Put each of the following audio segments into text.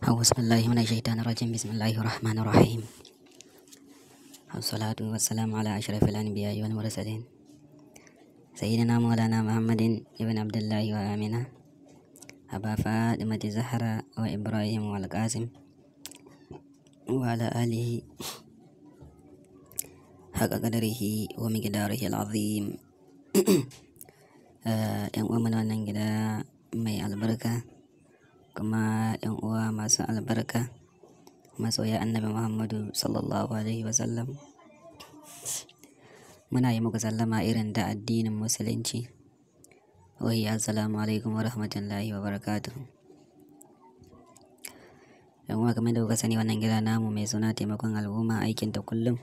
أعوذ بالله من الشيطان الرجيم بسم الله الرحمن الرحيم والصلاة والسلام على أشرف الأنبياء والمرسلين سيدنا مولانا محمد ابن عبد الله وآمنة أبا فاطمة زهرة وإبراهيم والقاسم وعلى آله حق قدره ومقداره العظيم أن آه، أمنا ننجد مي البركة kuma 'yan uwa masu albarka masoya annabi Muhammadu sallallahu alaihi wasallam muna yi muku sallama irin da addinin musulunci wai assalamu alaikum wa rahmatullahi wa barakatuh yan uwa kamar da kuka sani wannan gida namu mai suna taimakon al'umma aikin ta kullum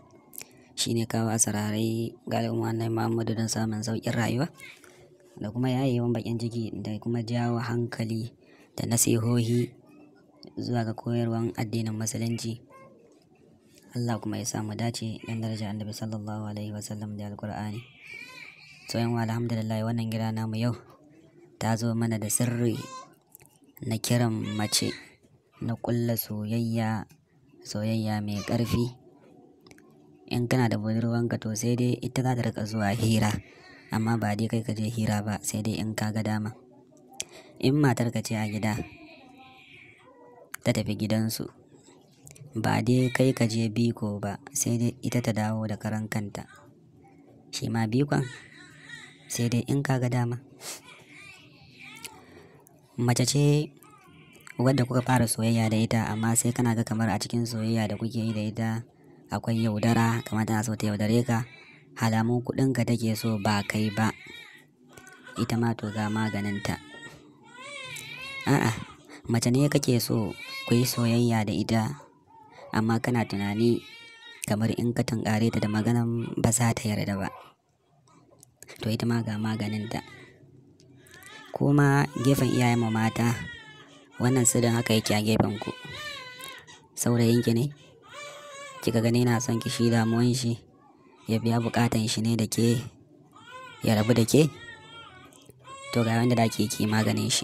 shine kawo asararai ga al'umma annabi Muhammadu don samun sauƙin rayuwa da kuma yawan bakin jiki da kuma jawo hankali da nasihohi zuwa ga koyarwan addinin musulunci. Allah kuma ya sa mu dace yan daraja annabi sallallahu alaihi wa sallam da alkur'ani. So yan alhamdulillah wannan gida namu yau ta zo mana da sirri na kiran mace na ƙulla soyayya soyayya mai ƙarfi. In kana da budurwanka to sai dai ita za ta rika zuwa hira amma ba dai kai ka je hira ba sai dai in ka ga dama. in matarka ce a gida ta tafi gidansu ba dai kai ka je biko ba sai dai ita ta dawo da karan kanta shi ma bikon sai dai in kaga dama mace ce wadda kuka fara soyayya da ita amma sai kana ga kamar a cikin soyayya da kuke yi da ita akwai yaudara kamar tana so ta yaudare ka halamun kuɗinka take so ba kai ba ita ma to ga maganinta A'a, mace ne kake so ku yi soyayya da ita, amma kana tunani kamar in ka tunkare ta da maganan ba za ta yarda ba. To ita ma ga maganinta. Kuma gefen iyayen mu mata, wannan sirin haka yake a gefen ku. Saurayinki ne? Kika gani yana son ki shi damuwan shi, ya biya buƙatan shi ne da ke, ya rabu da ke? To ga wanda da ke ki maganin shi.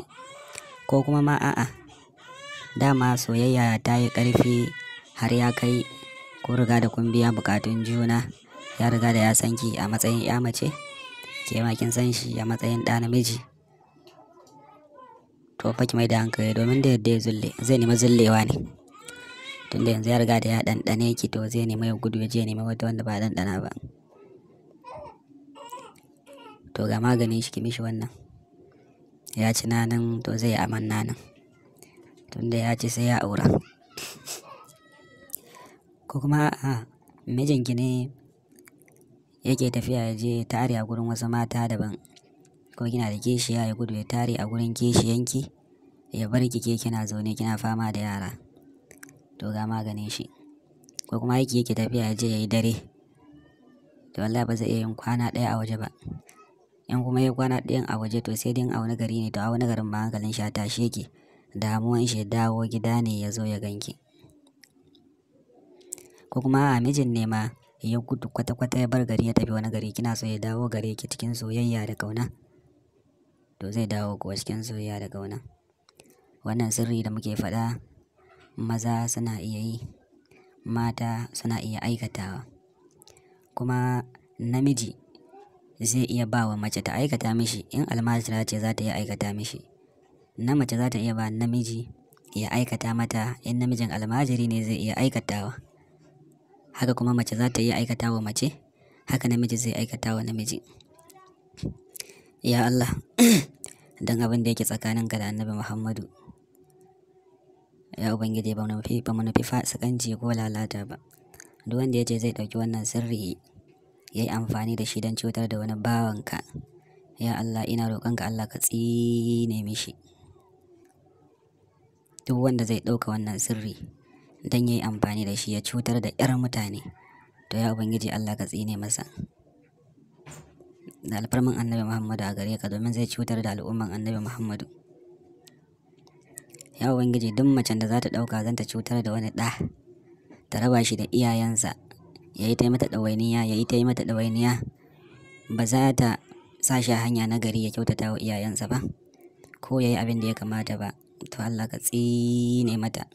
ko kuma ma a'a dama soyayya ta yi ƙarfi har ya kai ko riga da kun biya buƙatun juna ya riga da ya san ki a matsayin ya mace ke ma kin san shi a matsayin ɗa namiji to fa ki mai da hankali domin da yadda ya zulle zai nemi zullewa ne tunda yanzu ya riga da ya ɗanɗane ki to zai nemi ya gudu ya je nemi wata wanda ba ɗanɗana ba to ga maganin shi ki mishi wannan ya ci nanin to zai yi aman nanin tunda ya ci sai ya aura ko kuma a mijinki ne yake tafiya ya je tare a gurin wasu mata daban ko kina da kishiya ya gudu ya tare a gurin kishiyanki ya bar ki ke kina zaune kina fama da yara to ga maganin shi ko kuma yake yake tafiya ya je ya yi dare to wallahi ba zai iya yin kwana ɗaya a waje ba in kuma ya kwana ɗayan a waje to sai dai a wani gari ne to a wani garin ma hankalin shi ta sheke damuwan shi dawo gida ne ya zo ya ganki ko kuma a mijin ne ma ya gudu kwata-kwata ya bar gari ya tafi wani gari kina so ya dawo gare ki cikin soyayya da kauna to zai dawo kuwa cikin soyayya da kauna wannan sirri da muke faɗa maza suna iya yi mata suna iya aikatawa kuma namiji zai iya ba wa mace ta aikata mishi in almajira ce za ta iya aikata mishi na mace za ta iya ba namiji ya aikata mata in namijin almajiri ne zai iya aikatawa haka kuma mace za ta iya aikata wa mace haka namiji zai aikata wa namiji ya Allah don abin da yake tsakanin ga annabi Muhammadu ya ubangiji ba mu nufi ba mu nufi sakanci ko lalata ba duk wanda ya ce zai ɗauki wannan sirri ya yi amfani da shi don cutar da wani bawanka. Ya Allah ina roƙonka Allah ka tsine mishi. Duk wanda zai ɗauka wannan sirri don ya yi amfani da shi ya cutar da ƴar mutane, to ya Ubangiji Allah ka tsine masa. Da alfarman annabi Muhammadu a gare ka domin zai cutar da al'umman annabi Muhammadu. Ya Ubangiji duk macen da za ta ɗauka zan ta cutar da wani ɗa, ta raba shi da iyayensa, ya yi ta mata ɗawainiya ya yi ta mata ɗawainiya ba za ta sa shi a hanya na gari ya kyautata wa iyayensa ba ko ya yi abin da ya kamata ba to Allah ka tsine mata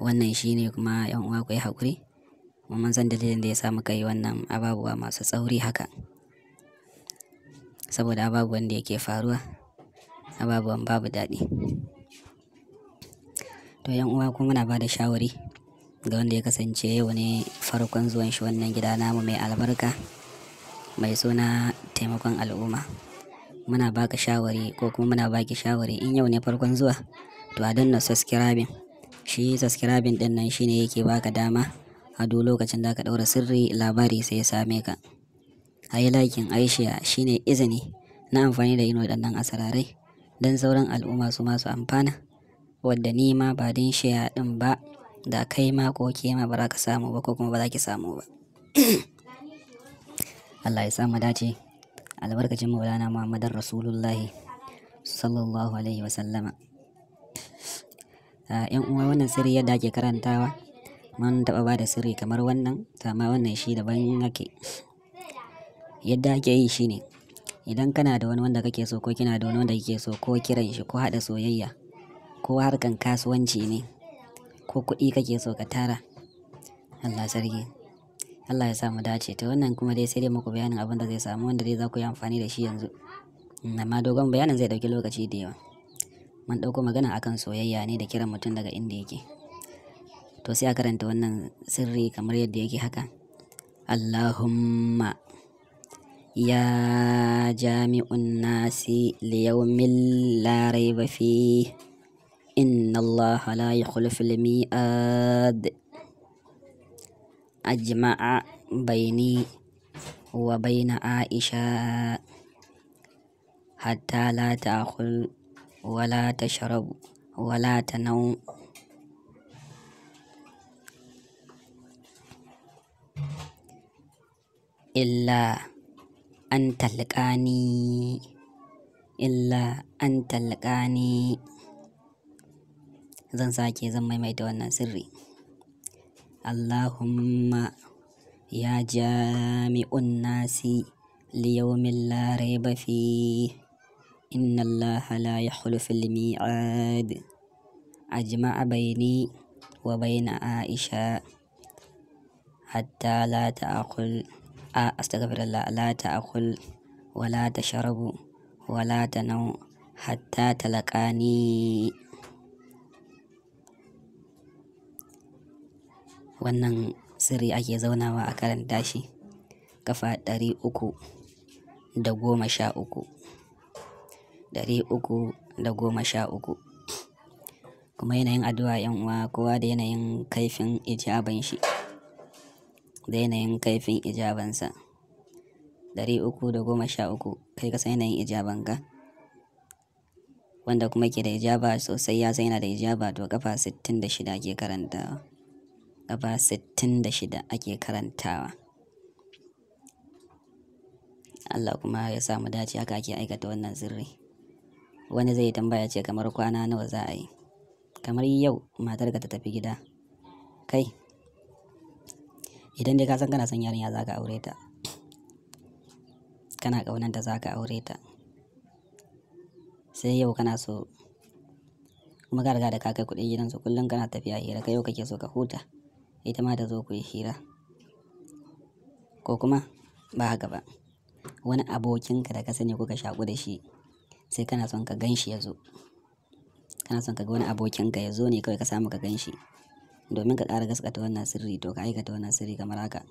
wannan shine kuma yan uwa ku yi haƙuri mun san dalilin da ya sa muka yi wannan ababuwa masu tsauri haka saboda ababuwan da yake faruwa ababuwan babu daɗi To yan uwa kuma muna bada shawari ga wanda ya kasance yau ne farkon zuwan shi wannan gida namu mai albarka mai suna taimakon al'umma. Muna baka shawari ko kuma muna baki shawari in yau ne farkon zuwa to a danna subscribing. Shi subscribing din nan shine yake baka dama a duk lokacin da ka ɗaura sirri labari sai ya same ka. ayi yi likin shine izini na amfani da yin waɗannan asararai dan sauran al'umma su masu amfana. wanda ni ma ba don shaya ɗin ba da kai ma ko ke ma ba za ka samu ba ko kuma ba za ki samu ba. Allah ya samu dace albarkacin maulana Muhammadar Rasulullahi sallallahu alaihi wasallama. ‘Yan ah, uwa wannan sirri yadda ake karantawa mun taɓa ba da sirri kamar wannan amma wannan shi daban yake. Yadda ake yi shine idan kana da wani wanda kake so ko kina da wani wanda kike so ko kiran shi ko haɗa soyayya ko harkan kasuwanci ne ko kuɗi kake so ka tara. Allah sarki. Allah ya samu dace ta wannan kuma dai sai dai muku bayanin abin da zai samu wanda dai za ku yi amfani da shi yanzu. Amma dogon bayanin zai ɗauki lokaci da yawa. Mun ɗauko magana akan soyayya ne da kiran mutum daga inda yake. To sai a karanta wannan sirri kamar yadda yake haka. Allahumma ya jami'un nasi liyaumin la larai bafe. إن الله لا يخلف الميعاد أجمع بيني وبين عائشة حتى لا تأكل ولا تشرب ولا تنوم إلا أن تلقاني إلا أن تلقاني zan sake zan maimaita wannan sirri Allahumma ya jami'un nasi li liyaumin la rayba fi inna Allah la yakhlufu al-mi'ad ajma'a bayni wa bayna Aisha hatta la ta'kul a astaghfirullah la ta'kul wa la tashrabu wa la tanau hatta talaqani wannan sirri ake zaunawa a karanta shi ƙafa ɗari uku da goma sha uku. Ɗari uku da goma sha uku. Kuma yanayin addu'a 'yan uwa kowa da yanayin kaifin ijaban shi, da yanayin kaifin ijabansa. Ɗari uku da goma sha uku kai ka san yanayin ijabanka. Wanda kuma ke da ijaba sosai ya san yana da ijaba to ƙafa sittin da shida ke karantawa. gaba 66 ake karantawa Allah kuma ya samu dace haka ake aikata wannan sirri wani zai tambaya ce kamar kwana nawa za a yi kamar yau matar ka ta tafi gida kai idan dai ka san kana son yarinya za ka aure ta kana ƙaunanta za ka aure ta sai yau kana so kuma ka riga da ka kai kuɗin gidansu kullum kana tafiya hira kai yau kake so ka huta ita ma ta zo ku yi hira ko kuma ba haka ba wani abokinka da ka sani kuka shaƙu da shi sai kana son ka gan shi ya zo kana son ka ga wani abokinka ya zo ne kawai ka samu ka gan shi domin ka ƙara gaskata wannan sirri to ka aikata wannan sirri kamar haka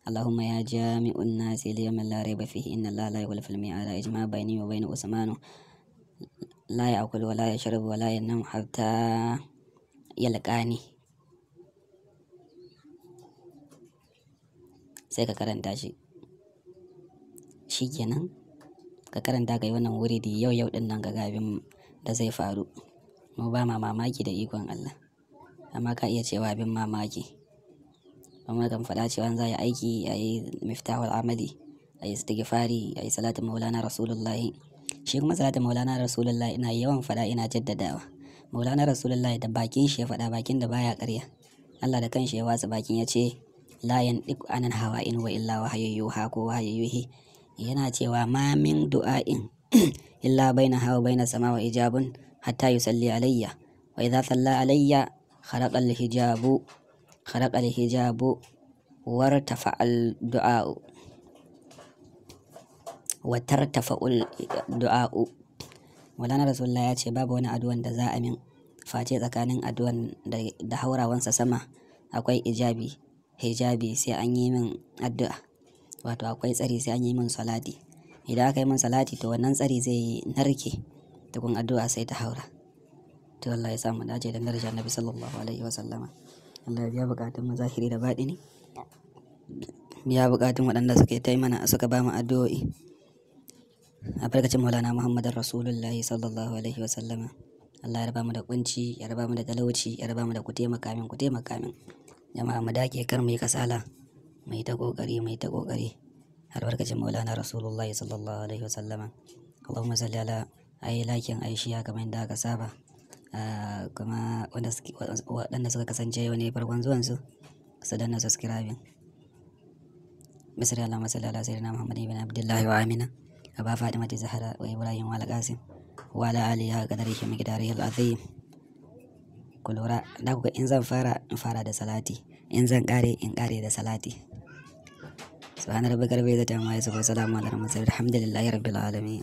اللهم يا جامع الناس ليوم لا ريب فيه إن الله لا يخلف الميعاد إجماع بيني وبين عثمان لا يأكل ولا يشرب ولا ينام حتى يلقاني sai ka karanta shi shi kenan ka karanta ka yi wannan wuri da yau yau din nan ga abin da zai faru mu ba ma mamaki da ikon Allah amma ka iya cewa abin mamaki amma kan faɗa cewa za a yi aiki a yi miftahul amali a yi istighfari a yi salatin maulana rasulullahi shi kuma salatin maulana rasulullahi ina yawan faɗa ina jaddadawa maulana rasulullahi da bakin shi ya faɗa bakin da baya ƙarya Allah da kan shi ya watsa bakin ya ce Layan yantiqu anan hawa in wa illa wahyu yuha ko wahyu yuhi yana cewa ma min du'ain illa baina hawa baina sama wa ijabun hatta yusalli alayya wa idza salla alayya kharaqa al hijabu kharaqa al hijabu wartafa al du'au. wa tartafa al du'a Maulana Rasulullah ya ce babu wani addu'an da za a min face tsakanin addu'an da haurawansa sama akwai ijabi hijabi sai an yi min addu'a wato akwai tsari sai an yi min salati idan aka yi min salati to wannan tsari zai narke tukun addu'a sai ta haura to Allah ya sa mu dace da daraja Annabi sallallahu alaihi wa sallama Allah ya biya bukatun mu zahiri da batini ya bukatun waɗanda suka yi mana suka ba mu addu'o'i barkacin Maulana Muhammadin Rasulullah sallallahu alaihi wa sallama Allah ya raba mu da kunci ya raba mu da talauci ya raba mu da ku taimaka min ku taimaka min Jama'a mu dake kar mu yi kasala, mu yi ta ƙoƙari, mu yi ta ƙoƙari. Albarkacin Maulana Rasulullahi sallallahu alaihi wasallama. Allahumma salli ala ayi lakin ai shiya kamar yadda aka saba. Ah, kuma waɗanda suka kasance yau ne farkon zuwan su danna subscribing misali Allah salli ala sayyidina Muhammad ibn Abdullahi wa Amina aba Fatima mata Zahra wa Ibrahim wa al wa ala alihi wa qadarihi miqdarihi al-azim Ku lura, da kuka in zan fara, in fara da salati. In zan kare in kare da salati. Subhana rabbika rabbil izzati amma yasifun wa salamun alal mursalin walhamdulillahi rabbil alamin.